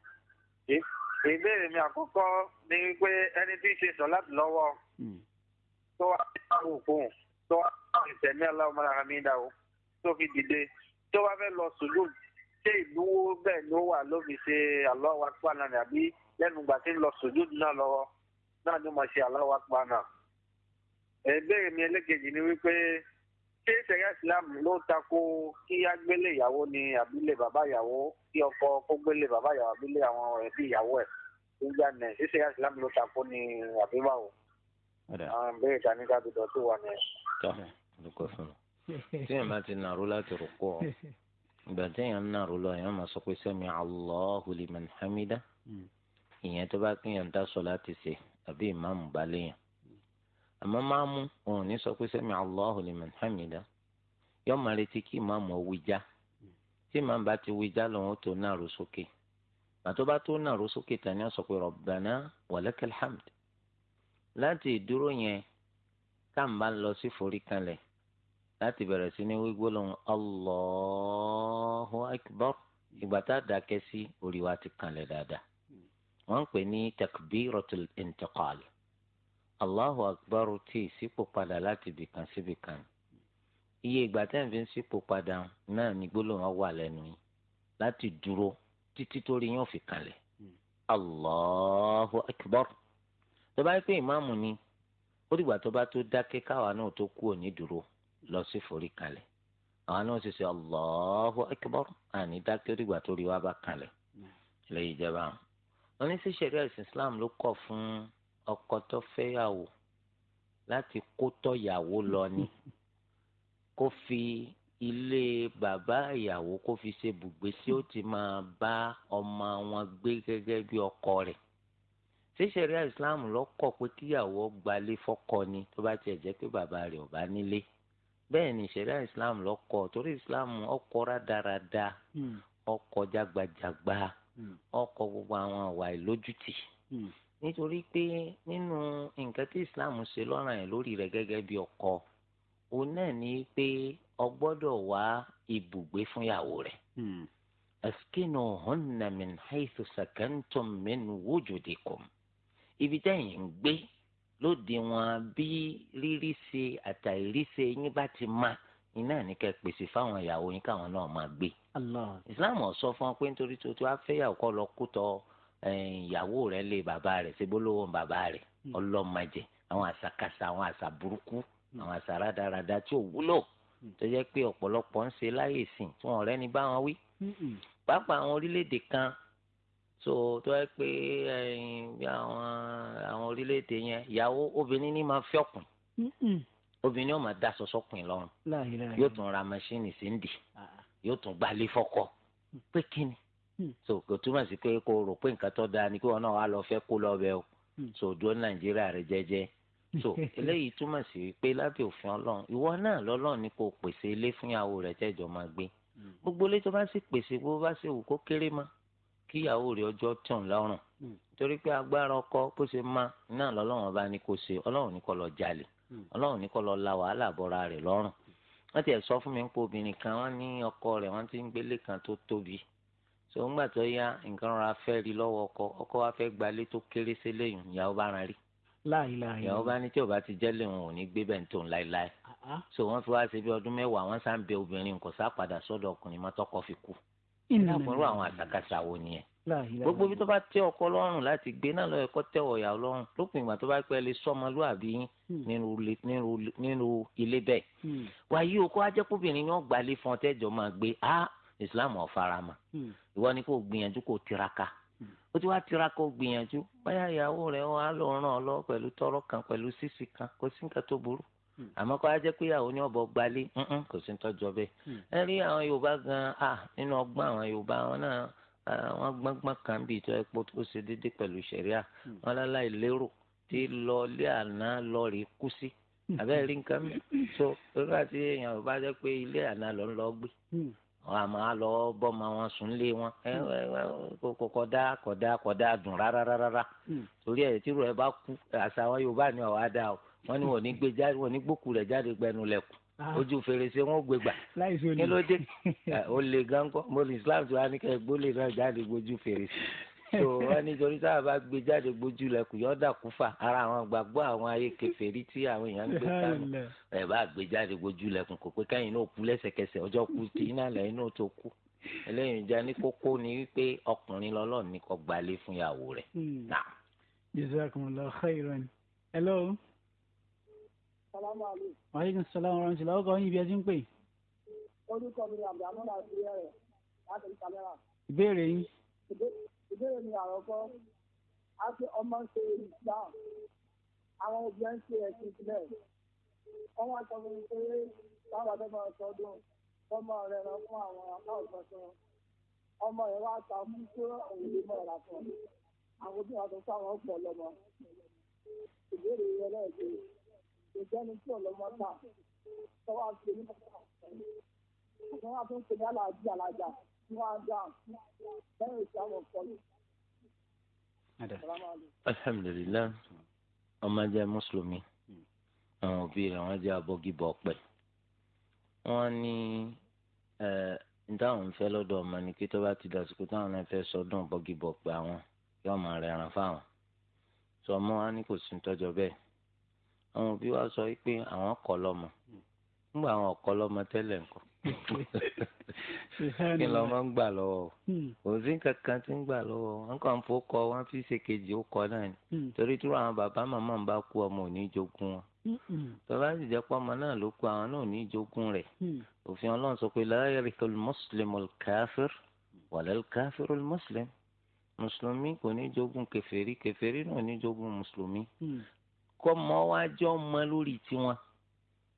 Speaker 3: ìbéèrè mi àkọ́kọ́ ni pé ẹni tí ń ṣe sọ̀láàtì lọ́wọ́ hmm. tó wá sí àwọn òkun tó wá sí ìsẹ̀mí aláwọ̀mọ́ra hamida o tó fi dìde tó wá fẹ́ lọ sùlù ṣé ìlú bẹ́ẹ̀ ló wà ló fi ṣe Allahu Akbar náà àbí lẹ́nu ìgbà tí ń lọ sùlù náà lọ́wọ́ náà ló máa ṣe Allahu Akbar ìbéèrè mi ẹlẹ́kejì ni wípé ṣé sẹ̀yà islam ló tako kí agbélé ìyàwó ni àbílé bàbá ìyàwó kí ọkọ kó gbélé bàbá ìyàwó àbílé àwọn ẹbí ìyàwó ẹ̀ tó ń nẹ̀ ṣé sẹ̀yà islam ló tako ni àbíwá o. àwọn ìbéèrè kan ní kábídọ̀ tó
Speaker 4: wà ní.
Speaker 1: tíyẹn bá ti nàró láti rò pọ̀ ìgbà téèyàn ń nàró lọ èèyàn máa sọ pé sẹ́mi Allahu liman hamida hmm. ìyẹn tó bá kíyàn dá sọ láti ṣe àbí ìmáàmù bá léèyàn àmọ́ máàmù wọn ò ní sọ pé sẹ́mi Allahu liman hamida yọ́ọ́ máa retí kí ìmáàmù ọ wíjà tí màá bá ti wíjà lòun ó tó nàró sókè màtó bá tó nàró sókè tani ó sọ pé rabbana walakal hamd láti ìdúró yẹn tá à lọ sí forí kanlẹ̀ láti bẹ̀rẹ̀ sí ní wígbó lòun Allahu akbar ìgbà tá a dákẹ́ sí orí ti kanlẹ̀ dáadáa wọ́n ń pè ní takbiratul intiqal allahu akbar tí ìsípò padà láti ibìkan síbi kan iye ìgbà tẹ́ ń fi ń sípò padà náà ni gbólóhùn wà lẹ́nu yìí láti dúró títí torí yóò fi kalẹ̀ allahu akbar tó bá yẹ pé ìmáàmù ni ó dìgbà tó bá tó dákẹ́ káwa náà tó kú òní dúró lọ sí forí kalẹ̀ àwọn náà ṣe ṣe allahu akbar àní dákẹ́ ó dìgbà tó rí wa bá kalẹ̀ hmm. lẹ́yìn ìjọba wọn ní sí sẹ́ríà islam ló kọ̀ fún ọkọ tó fẹ́yàwó láti kó tọ̀yàwó lọ ni kó fi ilé bàbá ìyàwó kó fi ṣe bùgbé sí ó ti máa bá ọmọ wọn gbé gẹ́gẹ́ bí ọkọ rẹ̀ ṣíṣẹ̀rí islam lọ́kọ̀ pé kíyàwó gbalé fọ́kọ ni tó bá tiẹ̀ jẹ́ pé bàbá rẹ̀ ò bá nílé bẹ́ẹ̀ ni ṣẹ̀rí islam lọ́kọ̀ torí islam ọkọ̀ rádaràda ọkọ̀ hmm. jagbajàgba ọkọ̀ hmm. gbogbo àwọn àwà ìlójútì hmm nítorí pé nínú nǹkan tí islam ṣe lọ́ràn yẹn lórí rẹ̀ gẹ́gẹ́ bí ọkọ òun náà ni pé ọ gbọ́dọ̀ wá ibùgbé fúnyàwó rẹ̀ hmm. askinu hunna min haythu sakantum min wujudikum ibi tẹ́yìn ń gbé lóde wọn bí rírí ṣe àtàrírí ṣe yín bá ti máa iná ní kẹ́ pèsè fáwọn ìyàwó yín káwọn náà máa gbé. islam sọ fún ọ pé nítorí tó tó a fẹ́ yàwó kọ́ lọ kó tọ ìyàwó rẹ lé bàbá rẹ síbó lówó bàbá rẹ hmm. ọlọ́màjẹ àwọn àṣàkáṣà àwọn àṣà burúkú hmm. àwọn àṣà rádaràda tí ò wúlò hmm. tó jẹ́ pé ọ̀pọ̀lọpọ̀ ń ṣe láyè sìn tí wọn ọ̀rẹ́ ni bá wọn wí. pàápàá àwọn orílẹ̀-èdè kan tó tó yẹ pé àwọn àwọn orílẹ̀-èdè yẹn ìyàwó obìnrin ní máa fi ọkùn obìnrin ó máa dá sọsọkùn lọ́rùn yóò tún ra mẹ́ṣíìnì sí ń dì ah, ah. yóò tún gbalé fọ́kọ pé kíni Hmm. so kò túmọ̀ sí pé kò rò pé nǹkan tó dáa ni kí wọn náà wá lọ fẹ́ kó lọ bẹ o hmm. so dúró nàìjíríà rẹ jẹ́jẹ́
Speaker 4: so eléyìí
Speaker 1: túmọ̀ sí pé lábẹ́ òfin ọlọ́run ìwọ náà lọ́lọ́run ni kò pèsè ilé fúnyàwó rẹ tẹ́jọ́ máa gbé hmm. gbogbo ilé tó bá sì pèsè bó bá sì wù kó kéré mọ́ kíyàwó rẹ ọjọ́ tàn lọ́rùn torí pé agbára ọkọ kó ṣe má náà lọ́lọ́run ọba ni kò ṣe ọlọ́run ní kó lọ jalè ọlọ́run ní kó lọ la wàhálà bọ́ra rẹ̀ lọ́rùn wọ́n ti ẹ̀ sọ fún mi pé obìnrin kan wọ́n ní ọkọ rẹ̀ wọ́n ti ń gbélé kan tó tóbi tó ń gbà tó yá nǹkan rọra fẹ́ rí lọ́wọ́ ọkọ ọkọ wa fẹ́ gbalé tó kéré sí lẹ́yìn ìyàwó bá ran rí ìyàwó bá ní tí ò bá ti jẹ́ lẹ́wọ̀n ò ní gbé bẹ́ẹ̀ ní tòun láéláé so wọ́n fi wá ṣe bí ọdún mẹ́wàá wọ́n sá ń bẹ obìnrin nǹkan sá padà sọ́dọ̀ ọkùnrin mọ́ tọkọ fi kú ìlàkùnrin àwọn àtàkàṣà wo nìyẹn gbogbo bí tó bá hmm. nínú ilé islam ọ̀farama hmm. ìwọ ni kò gbìyànjú kò tiraka hmm. ó ti wá tiraka ó gbìyànjú báyà ìyàwó rẹ̀ wọn lọ ràn ọ lọ tọrọ kan pẹ̀lú sisi kan kò sí nǹkan tó burú hmm. àmọ́ kó a jẹ́ pé ìyàwó ní ọ̀bọ gbalé kò sí tọ́jọ́ bẹ́ẹ̀ ẹ rí àwọn yorùbá gan-an nínú ọgbọ́n àwọn yorùbá wọn náà wọn gbọ́ngbọ́n kan bíi lọ lé àná lọ kú so èèyàn jẹ́ pé ilé àná ń wọn àmọ́ á lọ bọ́mọ wọn sùn lé wọn hmm. kọ̀dá kọ̀dá kọ̀dá dùn rárá rárá hmm. torí ẹ̀ tí rẹ̀ bá kú àṣà wọn yóò bá ní ọ̀wá dá o wọn ni wọn ní gbé jáde wọn ní gbókù rẹ̀ jáde gbẹnu lẹ̀kùn ah. ojú fèrèsé wọn gbé gbà kí ló dé o lè gan kọ́ mo ní Islam tí wàá ní kẹ́ gbólé náà jáde gbójú fèrèsé tó wọn nítorí sábà bá gbé jáde gbójú lẹkùn yọdà kúfà ara àwọn gbàgbọ́ àwọn ayé kèfèrí tí àwọn èèyàn gbé kánú ẹ bá gbé jáde gbójú lẹkùn kò pé káyìn náà kú lẹ́sẹ̀kẹsẹ̀ ọjọ́ kú tí iná lẹ́yìn náà tó kú eléyìí jẹ ní kókó ni wípé ọkùnrin lọlọ ní kó gbalé fún ìyàwó rẹ̀.
Speaker 4: Hmm.
Speaker 2: jazakumullahu khairan hello.
Speaker 3: salaamaleykum.
Speaker 2: waaleykum salaam wa rahmatulah ọkọ yín ibi ẹ ti ń pè.
Speaker 3: orúkọ mi ni àbúrò àmọ́ ìbéèrè yín. ìbéèrè mi àkọ́kọ́ a fi ọmọ ṣe Islam àwọn obìnrin ṣe nke ìpínlẹ̀ wọ́n wá sọ fún mi pé báwa tó máa sọdún ọmọ rẹ̀ fún àwọn ọmọ wá ta mú òun àwọn obìnrin àti sáwọn ìbéèrè yẹn tí ta àti ní alájà.
Speaker 1: alhamdulilayi ọmọ jẹ mùsùlùmí àwọn òbí rẹ̀ wọ́n jẹ abọgibọ ọpẹ wọ́n ní ẹ dáhùn ń fẹ́ lọ́dọ̀ ọmọ ni kí tó bá ti dàsìkò táwọn náà fẹ́ sọdún bọgibọ pé àwọn yóò máa rẹran fáwọn sọmọ wa ní kò sí tọjọ bẹ́ẹ̀ àwọn òbí wa sọ pé àwọn kọ́ lọ́mọ nígbà àwọn ọkọ lọ́mọ tẹ́lẹ̀ nǹkan kí lọ máa ń gbà lọ́wọ́ o hmm. òsì kankan ti ń gbà lọ́wọ́ wọn kàn fó kọ wọn fi ṣe kejì ó kọ náà ni hmm. torí tí àwọn bàbá màmá ń bá kú ọmọ ò ní jogún wọn hmm. tọ́lá sì jẹ́ pọ́nmọ náà ló kú àwọn náà ò ní jogún rẹ̀ òfin ọlọ́run sọ pé láyẹ̀rì kò mùsùlùmí káfíìr wàlẹ́ káfíìr mùsùlùmí mùsùlùmí kò ní jogún kèfèrí kèfèrí náà ò ní jogún mùsùlùmí kọ́ mọ́ wájọ́ mọ́ lórí tiwọn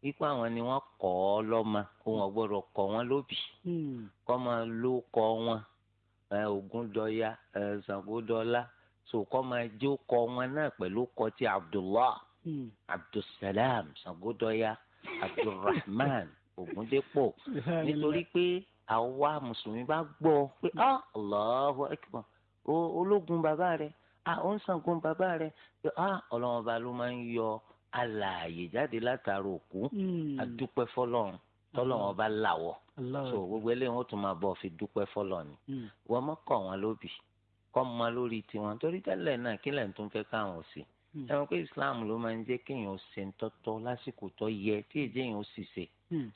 Speaker 1: wípé àwọn ni wọ́n kọ́ ọ lọ́mọ ohun ọ̀gbọ́dọ̀ kọ́ wọn lóbì hmm. kọ́ máa ló kọ́ wọn Ògúndọ̀yà Ṣàngódọ́lá so kọ́ máa jó kọ́ wọn náà pẹ̀lú kọ́ ti Abdullah hmm. Abdulsalam Ṣàngódọ́yà Abdulrahman Ògúndépò nítorí pé àwa mùsùlùmí bá gbọ́ pé ah, Allahu Akbar ológun bàbá rẹ̀ ah, ó ń sàngún bàbá rẹ̀ pé ah, Ọlọ́run ló máa ń yọ alààyè jáde látara òkú adúpẹ́ hmm. fọlọ́run tọ́lọ́run ọba làwọ̀ so gbogbo eléyìí wọ́n tún máa bọ̀ fi dúpẹ́ fọlọ́run ni hmm. wọ́n mọ̀ kọ̀ wọ́n lóbì kọ́ mọ lórí tiwọn torí tẹ́lẹ̀ náà kí lẹ́yìn tó ń fẹ́ káwọn ò sí hmm. ẹ̀wọ̀n pé Islam ló máa ń jẹ́ kéèyàn ṣe ń tọ́tọ́ lásìkò tó yẹ tí èjì èèyàn ó sì ṣe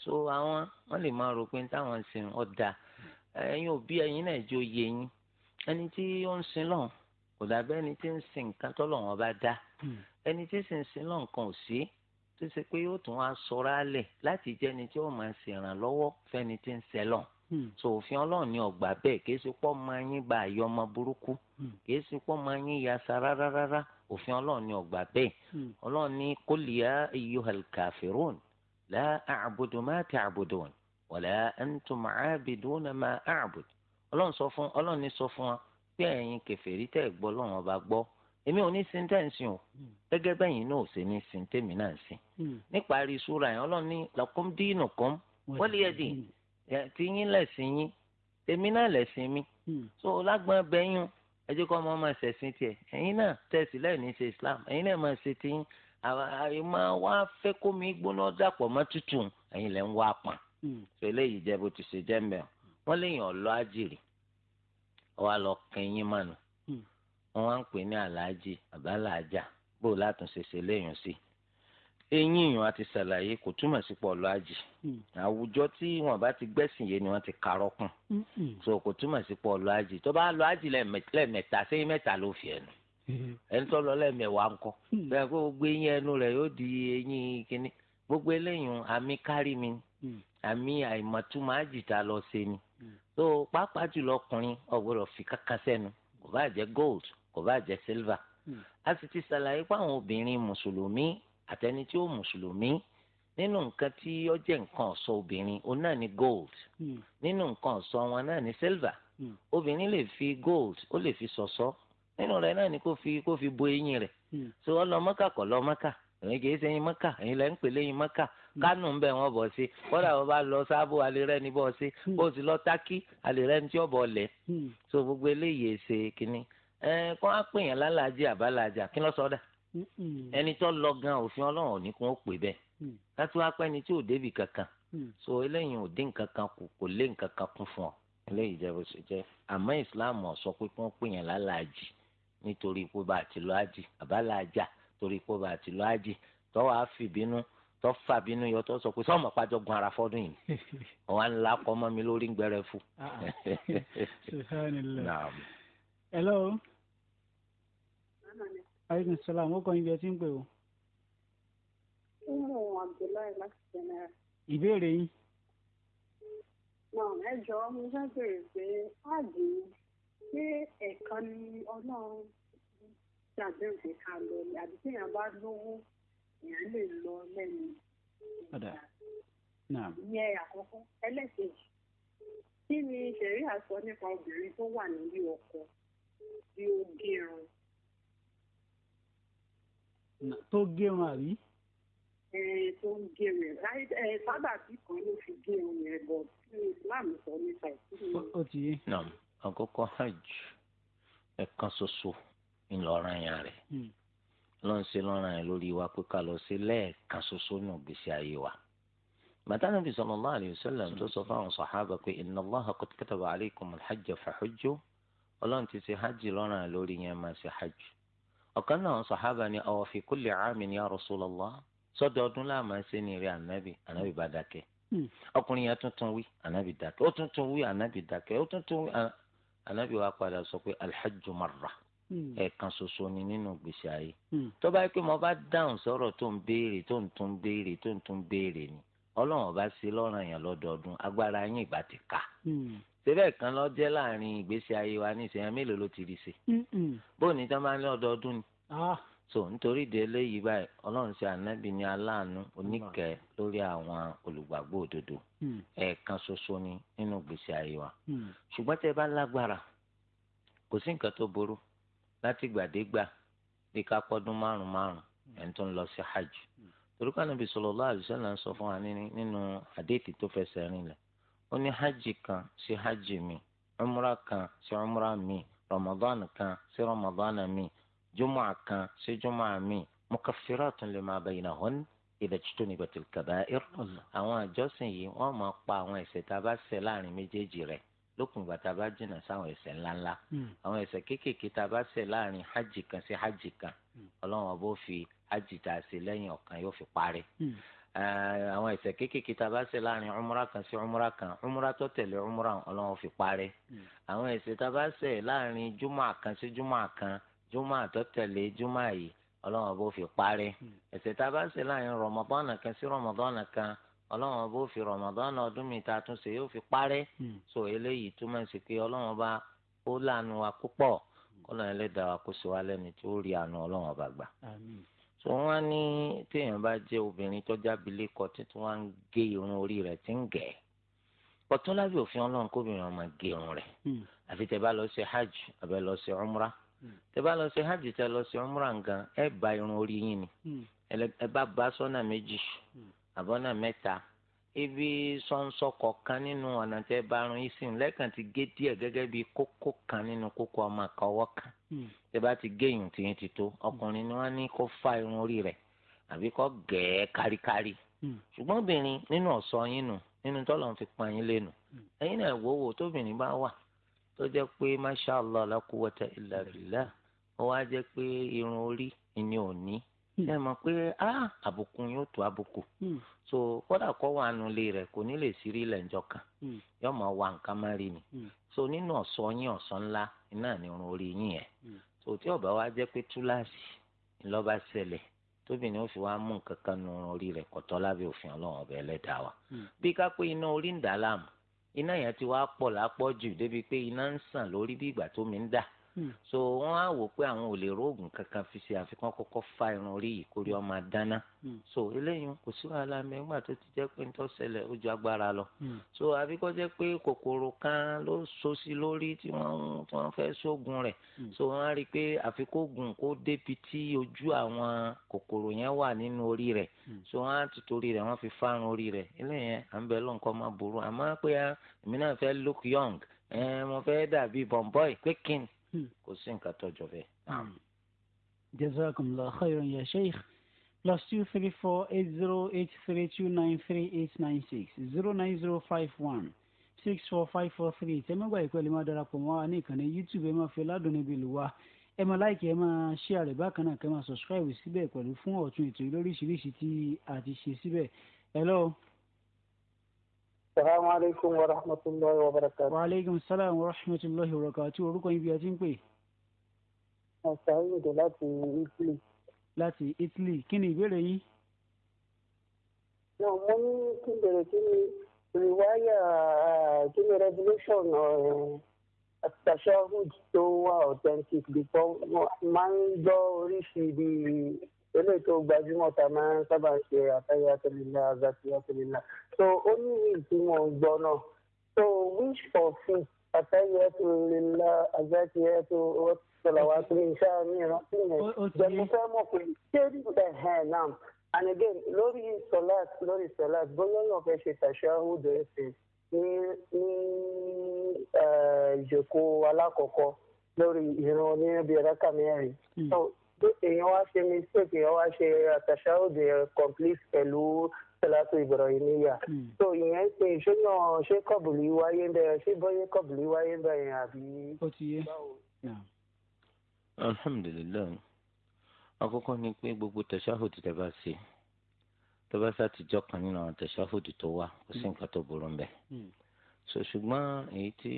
Speaker 1: so àwọn wọ́n lè máa rò pé táwọn ń sin ọ̀dà ẹ̀yin òbí ẹ̀yin náà jó yẹ yín ẹni tí ó ń sin lọ́hùn kò dàbẹ́ ẹni tí ń sin nǹkan tọ́lọ́hùn ọba dá ẹni tí sì ń sin náà nǹkan ò sí tó ṣe pé yóò tún wá sọra lẹ̀ láti jẹ́ ẹni tí ó máa ṣèrànlọ́wọ́ fẹ́ni tí ń sẹ́lọ̀ hmm. so òfin ọlọ́run ni ọgbà bẹ́ẹ̀ kì í ṣe pọ́ máa yín bá àyọ ọmọ burúkú hmm. kì í ṣe pọ́ máa yín yasa rárá rárá òfin ọlọ́run ni ọgbà bẹ́ẹ̀ hmm. ọlọ́run ní qul ya ayyuhal kafirun la a'budu ma ta'budun wala antum 'abiduna ma a'bud ọlọ́run sọ fún ọlọ́run ní sọ fún wa pé ẹ̀yin kèfèrí tẹ́ gbọ́ ọlọ́run ọba gbọ́ èmi ò ní sin tẹ́ǹsì o hmm. gẹ́gẹ́ bẹ́yìn náà ò ṣe ní sin tèmi náà sin hmm. níparí sura yẹn ọlọ́run ní lakum dinukum waliyadi tí yín lẹ̀sìn yín tèmi náà lẹ̀sìn mi hmm. so lágbọ́n bẹ́yìn ẹ jẹ́ kó ọmọ ọmọ ṣẹ̀sìn tiẹ̀ ẹ̀yin náà tẹ̀sí lẹ́ẹ̀ni ṣe islam ẹ̀yin náà máa ṣe tiyín àyè máa wá fẹ́ kó mi gbóná dàpọ̀ mọ́ tútù ẹ̀yin lẹ́ ń wá pọ̀n so eléyìí jẹ́ bó ti ṣe jẹ́ mẹ́ọ̀ wọ́n léèyàn lọ àjèrè ọ wá lọ kẹ́yìn mánu wọn wá ń pè ní aláàjì àbálàájà bó o látúnṣe ṣe léèyàn sí eyín èèyàn àti ṣàlàyé kò túmọ̀ sí pọ̀ àjì hmm. àwùjọ tí wọn bá ti gbẹ̀sìn yé ni wọ́n ti karọ́ kùn hmm. so kò túmọ̀ sí pọ̀ lọ àjì tó bá lọ àjì lẹ́ẹ̀mẹ́ta sẹ́yìn mẹ́ta ló fi ẹnu hmm. ẹni tó lọ lẹ́ẹ̀mẹ́wàá ńkọ́ bẹ́ẹ̀ kó gbé eyín ẹnu rẹ̀ yóò di eyín kínní gbogbo eléyìí àmì kárí mi àmì àìmọ̀túmọ̀ àjìtá lọ ṣe ni so pàápàá jùlọ ọkùnrin ọ̀gbọ́dọ̀ fi kankan sẹ́nu kò bá jẹ́ gold kò bá jẹ́ silver hmm. a sì ti ṣàlàyé pé àwọn obìnrin mùsùlùmí àtẹni tí ó mùsùlùmí nínú nǹkan tí ó jẹ́ nǹkan ọ̀ṣọ́ obìnrin òun náà ni gold hmm. nínú nǹkan ọ̀ṣọ́ wọn náà ni silver hmm. obìnrin lè fi gold ó lè fi ṣọ̀ṣọ́ nínú rẹ̀ náà ni kó fi kó fi bo eyín rẹ̀ so ọlọmọkà kọ lọmọkà èyí kì í ṣe eyín mọ́kà èyí lẹ́ ń pè léyìn mọ́kà kánú ń bẹ̀ wọ́n bọ̀ sí kódà wọ́n bá lọ sábò alẹ́rẹ́ ní bọ́ sí bó sì lọ tákì alẹ́rẹ́ ní tí ó bọ̀ lẹ̀ so gbogbo eléyìí ṣe kínní ẹ kó wá pè yàn lálàájì àbálàájà kí ló sọ dà ẹni tó lọ gan òfin ọlọ́run ò ní kó ó pè bẹ́ẹ̀ láti mm. wá pẹ́ni tí ò débì kankan mm. so eléyìí ò dín kankan kù kò lé nkankan kún fún ọ eléyìí jẹ bó ṣe jẹ àmọ́ ìsìláàmù ó sọ pé kí wọ́n pè yàn lálàájì nítorí pé bá a ti lọ ájì àbálàájà torí pé bá a ti lọ ájì tọ́wọ́ á fìbínú tọ́ fàbínú yọ tọ́ sọ pé sọ́ọ̀mù pàjọ gun ara fọ́dún yìí ọ̀wá ńlá kọ́ mọ́ mi lórí ń gbẹrẹ fún. Ah, ah.
Speaker 2: aleykum salaam ó kọ́ ibi ẹ ti ń pè o.
Speaker 3: umu abdullahi láti jẹnẹra. ìbéèrè yín. náà ẹ jọ mo fẹ́ bèrè pé áàdì ṣé ẹ̀ẹ̀kan ni ọlọ́run ṣàbẹ̀ òkè ká lọ ni àbí téèyàn bá lówó èèyàn lè lọ lẹ́nu. ọ̀dà náà. ìyẹn àkọ́kọ́ ẹlẹ́kejì kí ni ṣẹ̀rí àsọ nípa obìnrin tó wà nílé ọkọ bí ó gé irun
Speaker 2: tó gérun àbí.
Speaker 3: tó ń gérun ẹ sábà tí kan ló fi gérun yẹn bọ tí islam sọ nípa ìṣúná.
Speaker 1: ó ti yé. naam àkọ́kọ́ hajj ẹ̀kan ṣoṣo ńlọrọ̀ yẹn rẹ̀ hmm. lọ́nṣe lọ́ràn yẹn lórí wa pé ká lọ sí lẹ́ẹ̀kan ṣoṣo nù gbèsè ayé wa. màtánà bí sallallahu alayhi wa sallam tó sọ fáwọn sàhábà pé inna Allaha qad kataba alaykumul hajja fahujju ọlọ́run ti ṣe hajj lọ́ràn yẹn lórí yẹn máa ṣe hajj ọ̀kan náà sọ̀hábà ni aw fi kulli aamin ya Rasulullah sọ́dọọdún láàmú ẹsẹ̀ ní eré ànábì ànábì bá dákẹ́ hmm. ọkùnrin yẹn tuntun wí ànábì dákẹ́ ó tuntun wí ànábì dákẹ́ ó tuntun wí ànábì wa padà sọ pé alhajju marra hmm. ẹ̀ẹ̀kan ṣoṣo ni nínú gbèsè ayé hmm. tó bá yẹ pé mo bá dáhùn sọ̀rọ̀ tó ń béèrè tó ń tún béèrè tó ń tún béèrè ni ọlọ́run ọba sí lọ́ràn yẹn lọ́dọọdún agbára yín ìgbà ti ká síbẹ̀ kan lọ laarin láàrin ìgbésí ayé wa ní ìsẹ̀yìn mélòó ló ti rí ṣe. bóun tán bá ní ọdọọdún ni. Ah. so nítorí ìdílé yìí báyìí ọlọ́run ṣe ànábì ní aláàánú oníkẹ́ lórí àwọn olùgbàgbọ́ òdodo mm. ẹ̀ẹ̀kan ṣoṣo ni nínú ìgbésí ayé wa. Mm. ṣùgbọ́n tẹ́ bá lágbára kò sí nǹkan tó burú láti gbàdégbà bí ká pọ́dún márùn márùn mm. ẹ̀ ń lọ sí hajj. torí kan Ànábì sallallahu fún wa nínú àdéhìí tó fẹsẹ̀ rìn lẹ̀ ó ní hajj kan sí hajj mi umra kan sí umra mi ramadan kan sí ramadan mi jumua kan sí jumua mi mukaffiratun lima baynahun ìdẹ̀tútù ní bẹ̀tẹ̀ kaba'ir. àwọn àjọsìn yìí wọ́n máa pa àwọn ẹ̀ṣẹ̀ tá a bá ṣẹ̀ láàrin méjèèjì rẹ̀ lókun ìgbà tá a bá jìnnà sáwọn ẹ̀ṣẹ̀ ńláńlá. Hmm. àwọn ẹ̀ṣẹ̀ kéékèèké tá a bá ṣẹ̀ láàrin hajj kan sí hajj kan hmm. ọlọ́run ọba ó fi hajj tá a ṣe lẹ́yìn ọ̀kan yóò fi parí. Hmm. Eh, àwọn ẹ̀ṣẹ̀ kéékèèké tá a bá ṣe láàrin umra kan sí umra kan umra tó tẹ̀lé umra Ọlọ́run fi parẹ́ hmm. àwọn ẹ̀ṣẹ̀ tá a bá ṣe láàrin júmọ kan sí júmọ kan júmọ tó tẹ̀lé júmọ yìí Ọlọ́run bó fi parẹ́ hmm. ẹ̀ṣẹ̀ tá a bá ṣe láàrin rọmọdọ́nà kan sí rọmọdọ́nà kan ọlọ́run bó fi rọ̀mọ̀dán ọdún mi ta túnṣe yóò fi parẹ́ hmm. so eléyìí túmọ̀ sí pé ọlọ́run bá ó láàánú wa púpọ̀ kọ́lọ́run ẹlẹ́dàá wa kó ṣe wa lẹ́ni tí rí àánú ọlọ́run ọba gbà tó wọn ní téèyàn bá jẹ́ obìnrin tó jábílẹ̀ kọ títí wọn ń gé irun orí rẹ̀ tí ń gẹ̀ ọ̀tún lábẹ́ òfin Ọlọ́run kóbìnrin ọmọ gé irun rẹ̀ hmm. àfi tẹ́ bá lọ ṣe hajj àbẹ lọ ṣe umra hmm. tẹ́ bá lọ ṣe hajj tẹ́ lọ ṣe umra nǹkan ẹ bá irun orí yín ni hmm. ẹ bá bá sọ́nà méjì àbọ̀nà mẹ́ta. Mm ibi sọ́nsọ́ kọ̀ọ̀kan nínú ọ̀nà tẹ́ bá rún yín sí lẹ́ẹ̀kan ti gé díẹ̀ gẹ́gẹ́ bí kókó kan nínú kókó ọmọ kan kan hmm. tẹ́ bá ti gé ìyùn tìyẹn ti tó ọkùnrin ni wọ́n ní kó fa irun orí rẹ̀ àbí kó gẹ̀ẹ́ káríkárí hmm. ṣùgbọ́n obìnrin nínú ọ̀sọ́ yín nù nínú tọ́lọ̀ fi pa yín lẹ́nu hmm. ẹ̀yin náà wò wò tóbìnrin bá wà tó jẹ́ pé masha allah la quwwata illa billah ó wá jẹ́ pé irun orí ni òní Hmm. ẹ mọ̀ pé àbùkù yóò tó àbùkù hmm. so kódà kó wà nù lé rẹ̀ kò ní lè sírí ilẹ̀ ńjọ kan hmm. yóò wà nǹkan má rí ni so nínú ọ̀sọ́ yín ọ̀sọ́ ńlá náà ni irun orí yín yẹn so tí ọ̀bá wa jẹ́ pé túláàsì ńlọ́ba ṣẹlẹ̀ tóbìnrin ó fi wá mú nǹkan kan nu orí rẹ̀ kọ̀tọ́ lábẹ́ òfin ọlọ́run ọbẹ̀ ẹlẹ́dàá wa bí ká pé iná orí ń dà láàmú iná yẹn ti wá pọ̀ lápọ̀ jù débi pé iná ń sàn lórí bí ìgbà tó ń dà Hmm. so wọ́n á wò pé àwọn ò lè róògùn kankan fi ṣe àfikún kọ́kọ́ fa irun orí yìí kórè hmm. ọmọ dáná hmm. so eléyìí kò sí wàhálà mẹ́gbà tó ti jẹ́ pé nítorí ṣẹlẹ̀ ó ju agbára lọ so àfikún jẹ́ pé kòkòrò kan ló so sí lórí tí wọ́n fẹ́ sógun rẹ̀ so wọ́n á rí i pé àfikún oògùn kó débi tí ojú àwọn kòkòrò yẹn wà nínú orí rẹ̀ so wọ́n á ti torí rẹ̀ wọ́n fi fa orí rẹ̀ eléyìí à ń bẹ lọ́nkọ́ má burú àmọ́ pé ah, èmi náà fẹ́ look young mo fẹ́ dàbí bọ̀m̀bọ́ì pé kíni Hmm. kò sí nǹkan tọjọ bẹ́ẹ̀. Hmm.
Speaker 2: jazakumullahu khairan ya sheikh plus two three four eight zero eight three two nine three eight nine six zero nine zero five one six four five four three tẹ́mẹ́gbà ìpẹ́ẹ́lì máa darapọ̀ mọ́ wa ìkànnì youtube ẹ̀ máa fi ládùn níbi ìlú wa ẹ máa láìkí ẹ máa ṣí àrẹ bákan náà kẹ́ máa sọ̀sìkáìbì síbẹ̀ pẹ̀lú fún ọ̀tún ètò lóríṣiríṣi tí a ti ṣe síbẹ̀ hello.
Speaker 3: Assalamu alaikum wa rahmatullahi wa barakatuh. Wa alaikum
Speaker 2: salam wa rahmatullahi wa barakatuh. Orúkọ yín bí a ti ń pè.
Speaker 3: Ọ̀sán-ìdè láti Italy.
Speaker 2: Láti Italy, kí ni ìbéèrè yín?
Speaker 3: Náà mo ní kí n bẹ̀rẹ̀ kí ni rìwáyà uh, kí ni revolution àtàṣà uh, hood tó wà authentic before máa ń gbọ́ oríṣi bíi eléyìí tó gbajúmọ̀ tá a máa ń sábà ń ṣe àtàyàtọ̀lélá àzàtìyàtọ̀lélá so ó ní ìtumọ̀ gbọ́ náà so wish for food àtàyàtọ̀lélá àzàtìyàtọ̀ sọlọ́wà tó ní iṣẹ́ mìíràn sí yẹn jẹ̀mú fẹ́ mọ̀ pé ṣé nígbà ẹ̀ náà and again lórí sọlát lórí sọlát bóyá yóò fẹ́ ṣe tàṣàhúdù ẹ̀sìn ní ní ìjòkó alákọ̀ọ́kọ́ lórí ìran ní ẹ̀rọ kàmẹ́rin. Hmm pé èèyàn wá ṣe mistake èèyàn wá ṣe àtàṣàròdì complete pẹ̀lú sẹ́látù ìbọ̀rọ̀yìnìyà hmm. so ìyẹn pé ìṣúná ṣé kọ̀bùlì wáyé ń bẹ̀rẹ̀ ṣé bọ́yé kọ̀bùlì wáyé ń bẹ̀rẹ̀ àbí. ó ti yé
Speaker 1: alhamdulilayi àkọ́kọ́ ni pé gbogbo tẹsáhùdì tẹ bá ṣe tẹ bá ṣe àtijọ́ kan nínú àwọn tẹsáhùdì tó wà kò sí hmm. nǹkan tó burú ń bẹ hmm. so ṣùgbọ́n èyí tí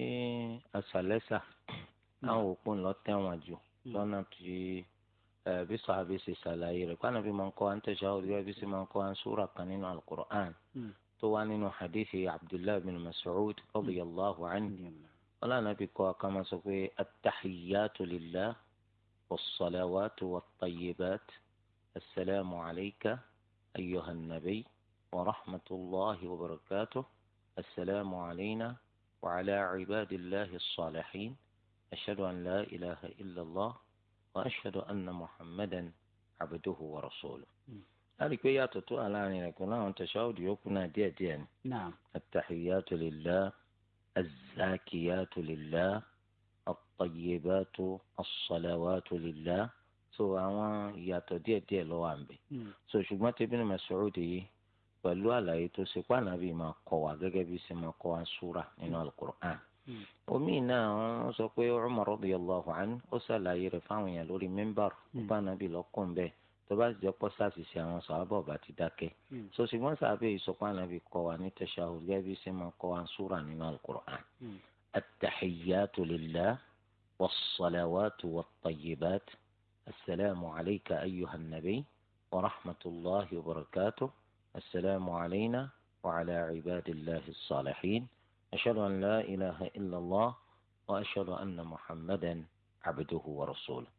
Speaker 1: aṣàlẹ́sà àwọn òpó ńlọ tẹ̀wọ̀n jù lọ́nà tí. Mm بصحابي sì ṣàlàyé rẹ̀ kó ànábì máa ń kọ́ àǹtẹ̀ ṣáwọ́dì gẹ́gẹ́ bí sì máa ń kọ́ àwọn sùúrà kan nínú alukur'an tó wá nínú hadithi abdullahi bin masoud radiyallahu anhu ọlọ́run ànábì kọ́ aka máa sọ pé atahiyatu lillah wasalawatu watayibat asalaamu alayka ayuhan nabi wa rahmatulahi wa barakatuh asalaamu alayna wa ala cibaadillahi asalihin ashadu an la ilaha illa allah. وأشهد أن محمدا عبده ورسوله láti pé yàtọ̀ tó wà láàrin rẹ̀ pẹ̀lú àwọn tẹ̀síwájú yòókù náà díẹ̀ díẹ̀ ni. attahiyatu lillah azakiyatu lillah atayyibatu asalawatu lillah so àwọn ìyàtọ̀ díẹ̀ díẹ̀ ló wà ńbẹ̀. Mm. so ṣùgbọ́n tẹ́bí ni Mas'ud yìí pẹ̀lú àlàyé tó ṣe pé Ànábì máa kọ́ wa gẹ́gẹ́ bí ṣe máa kọ́ wa súra nínú Al-Qur'an omi náà wọ́n sọ pé Umar radiyallahu anhu ó ṣàlàyé rẹ̀ fáwọn èèyàn lórí mímbàrò hmm. nípa nàbì lọ́kùn bẹ́ẹ̀ tó bá jẹ́ pọ́ sàṣìṣe àwọn sàábà ọba ti dákẹ́ hmm. so ṣùgbọ́n sàábà yìí sọ pé ànábì kọ́ wa ní tashahhud gẹ́gẹ́ bí ṣe máa kọ́ wa súrà nínú al-Qur'an hmm. at-tahiyyatu lillah was-salawatu wat-tayyibat assalamu alayka ayyuhan nabiy wa rahmatullahi wa barakatuh assalamu alayna wa ala ibadillahi أشهد أن لا إله إلا الله وأشهد أن محمدا عبده ورسوله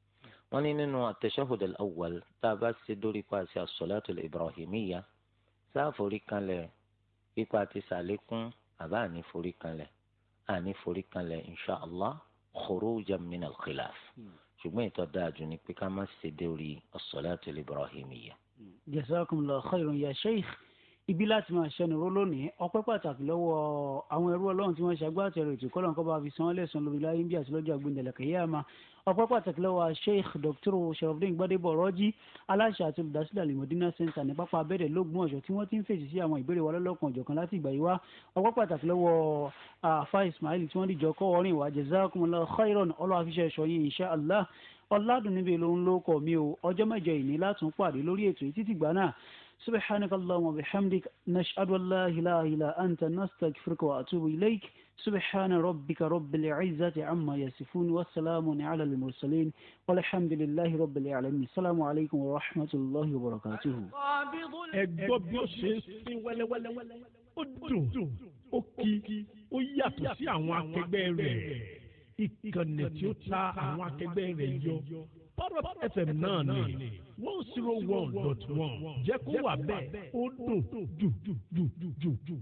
Speaker 1: wọ́n ní nínú التشهد الأول tá a bá ṣe dórí paṣẹ الصلاة الإبراهيمية sáà forí kanlẹ̀ pípa ti sàlékún àbá àní forí kanlẹ̀ àní forí kanlẹ̀ inshàlá khurujan min al-khilaf ṣùgbọ́n ìtọ́ dáa jù ni pé ká má ṣe dórí الصلاة الإبراهيمية.
Speaker 2: جزاكم الله خيرا يا شيخ ibi láti máa ṣẹnuró lónìí ọpẹ́ pàtàkì lọ́wọ́ àwọn ẹrú Ọlọ́run tí wọ́n ṣàgbàtẹrù ètò ìkọlọ nǹkan bá fi san án lẹsùn lórí láyé ń bí àti lọ́jọ́ àgbéǹdẹlẹ kẹyàmá ọpẹ́ pàtàkì lọ́wọ́ sheikh dr sharafdin gbadebo ọrọjì aláṣẹ àti olùdásílẹ̀ alimọdínà center ní pápá abẹ́rẹ́ lógún ọ̀ṣọ́ tí wọ́n ti ń fèsì sí àwọn ìbéèrè wa lọ́lọ́kan ọ̀jọ̀kan láti ìgbà yìí wá ọpẹ́ pàtàkì lọ́wọ́ afa ismail tí wọ́n dìjọ kọ́ ọrìn wa jazakumullahu khairan ọlọ́wà fiṣẹ́ ẹ̀ṣọ́ yìí insha allah ọ̀làdùn ló ń lóko mi o ọjọ́ mẹ́jọ ìní látún pàdé lórí ètò ìtìtìgbà náà سبحانك اللهم وبحمدك نشهد أن لا إله إلا أنت نستغفرك واتوب إليك سبحان ربك رب العزة عما يصفون والسلام على المرسلين والحمد لله رب العالمين السلام عليكم ورحمة الله وبركاته
Speaker 3: ẹgbọ́ bí ó ta àwọn
Speaker 4: akẹgbẹ́ rẹ̀ yọ parrot fm náà ni one zero one dot one jẹ́ kó wà bẹ́ẹ̀ ó dùn jù jù jù jù jù.